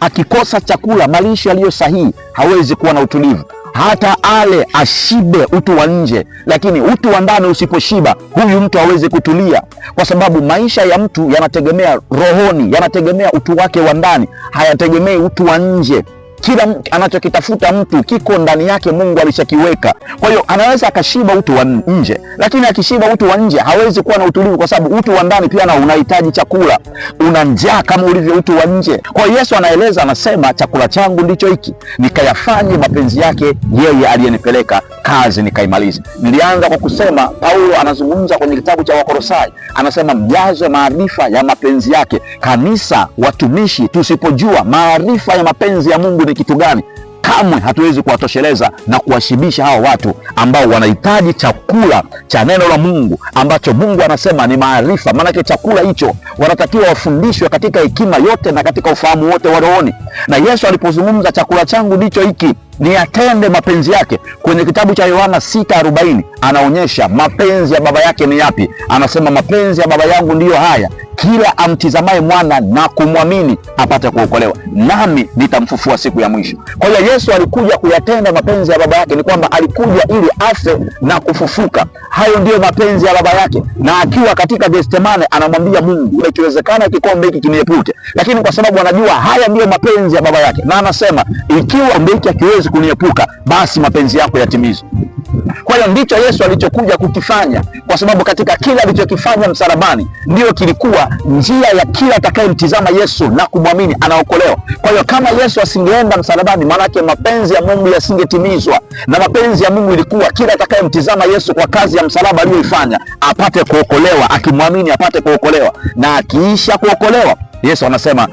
akikosa chakula, malishi yaliyo sahihi, hawezi kuwa na utulivu. Hata ale ashibe utu wa nje, lakini utu wa ndani usiposhiba, huyu mtu hawezi kutulia, kwa sababu maisha ya mtu yanategemea rohoni, yanategemea utu wake wa ndani, hayategemei utu wa nje. Kila anachokitafuta mtu kiko ndani yake, Mungu alishakiweka. Kwa hiyo anaweza akashiba utu wa nje, lakini akishiba utu wa nje hawezi kuwa na utulivu, kwa sababu utu wa ndani pia na unahitaji chakula. Una njaa kama ulivyo utu wa nje. Kwa hiyo Yesu anaeleza, anasema chakula changu ndicho hiki, nikayafanye mapenzi yake yeye aliyenipeleka, kazi nikaimalize. Nilianza kwa kusema Paulo anazungumza kwenye kitabu cha Wakorosai, anasema mjazwe maarifa ya mapenzi yake. Kanisa, watumishi, tusipojua maarifa ya mapenzi ya Mungu ni kitu gani, kamwe hatuwezi kuwatosheleza na kuwashibisha hawa watu ambao wanahitaji chakula cha neno la Mungu ambacho Mungu anasema ni maarifa. Maanake chakula hicho wanatakiwa wafundishwe katika hekima yote na katika ufahamu wote wa rohoni. Na Yesu alipozungumza chakula changu ndicho hiki ni atende mapenzi yake, kwenye kitabu cha Yohana 6:40 anaonyesha mapenzi ya baba yake ni yapi. Anasema mapenzi ya baba yangu ndiyo haya kila amtizamaye mwana na kumwamini apate kuokolewa, nami nitamfufua siku ya mwisho. Kwa hiyo Yesu alikuja kuyatenda mapenzi ya Baba yake, ni kwamba alikuja ili afe na kufufuka. Hayo ndiyo mapenzi ya Baba yake, na akiwa katika Gethsemane anamwambia Mungu, ikiwezekana kikombe hiki kiniepuke, lakini kwa sababu anajua haya ndiyo mapenzi ya Baba yake, na anasema ikiwa kikombe hiki hakiwezi kuniepuka, basi mapenzi yako yatimizwe. Kwa hiyo ndicho Yesu alichokuja kukifanya, kwa sababu katika kila alichokifanya msalabani ndio kilikuwa njia ya kila atakayemtizama Yesu na kumwamini anaokolewa. Kwa hiyo kama Yesu asingeenda msalabani, maanake mapenzi ya Mungu yasingetimizwa, na mapenzi ya Mungu ilikuwa kila atakayemtizama Yesu kwa kazi ya msalaba aliyoifanya apate kuokolewa, akimwamini apate kuokolewa, na akiisha kuokolewa, Yesu anasema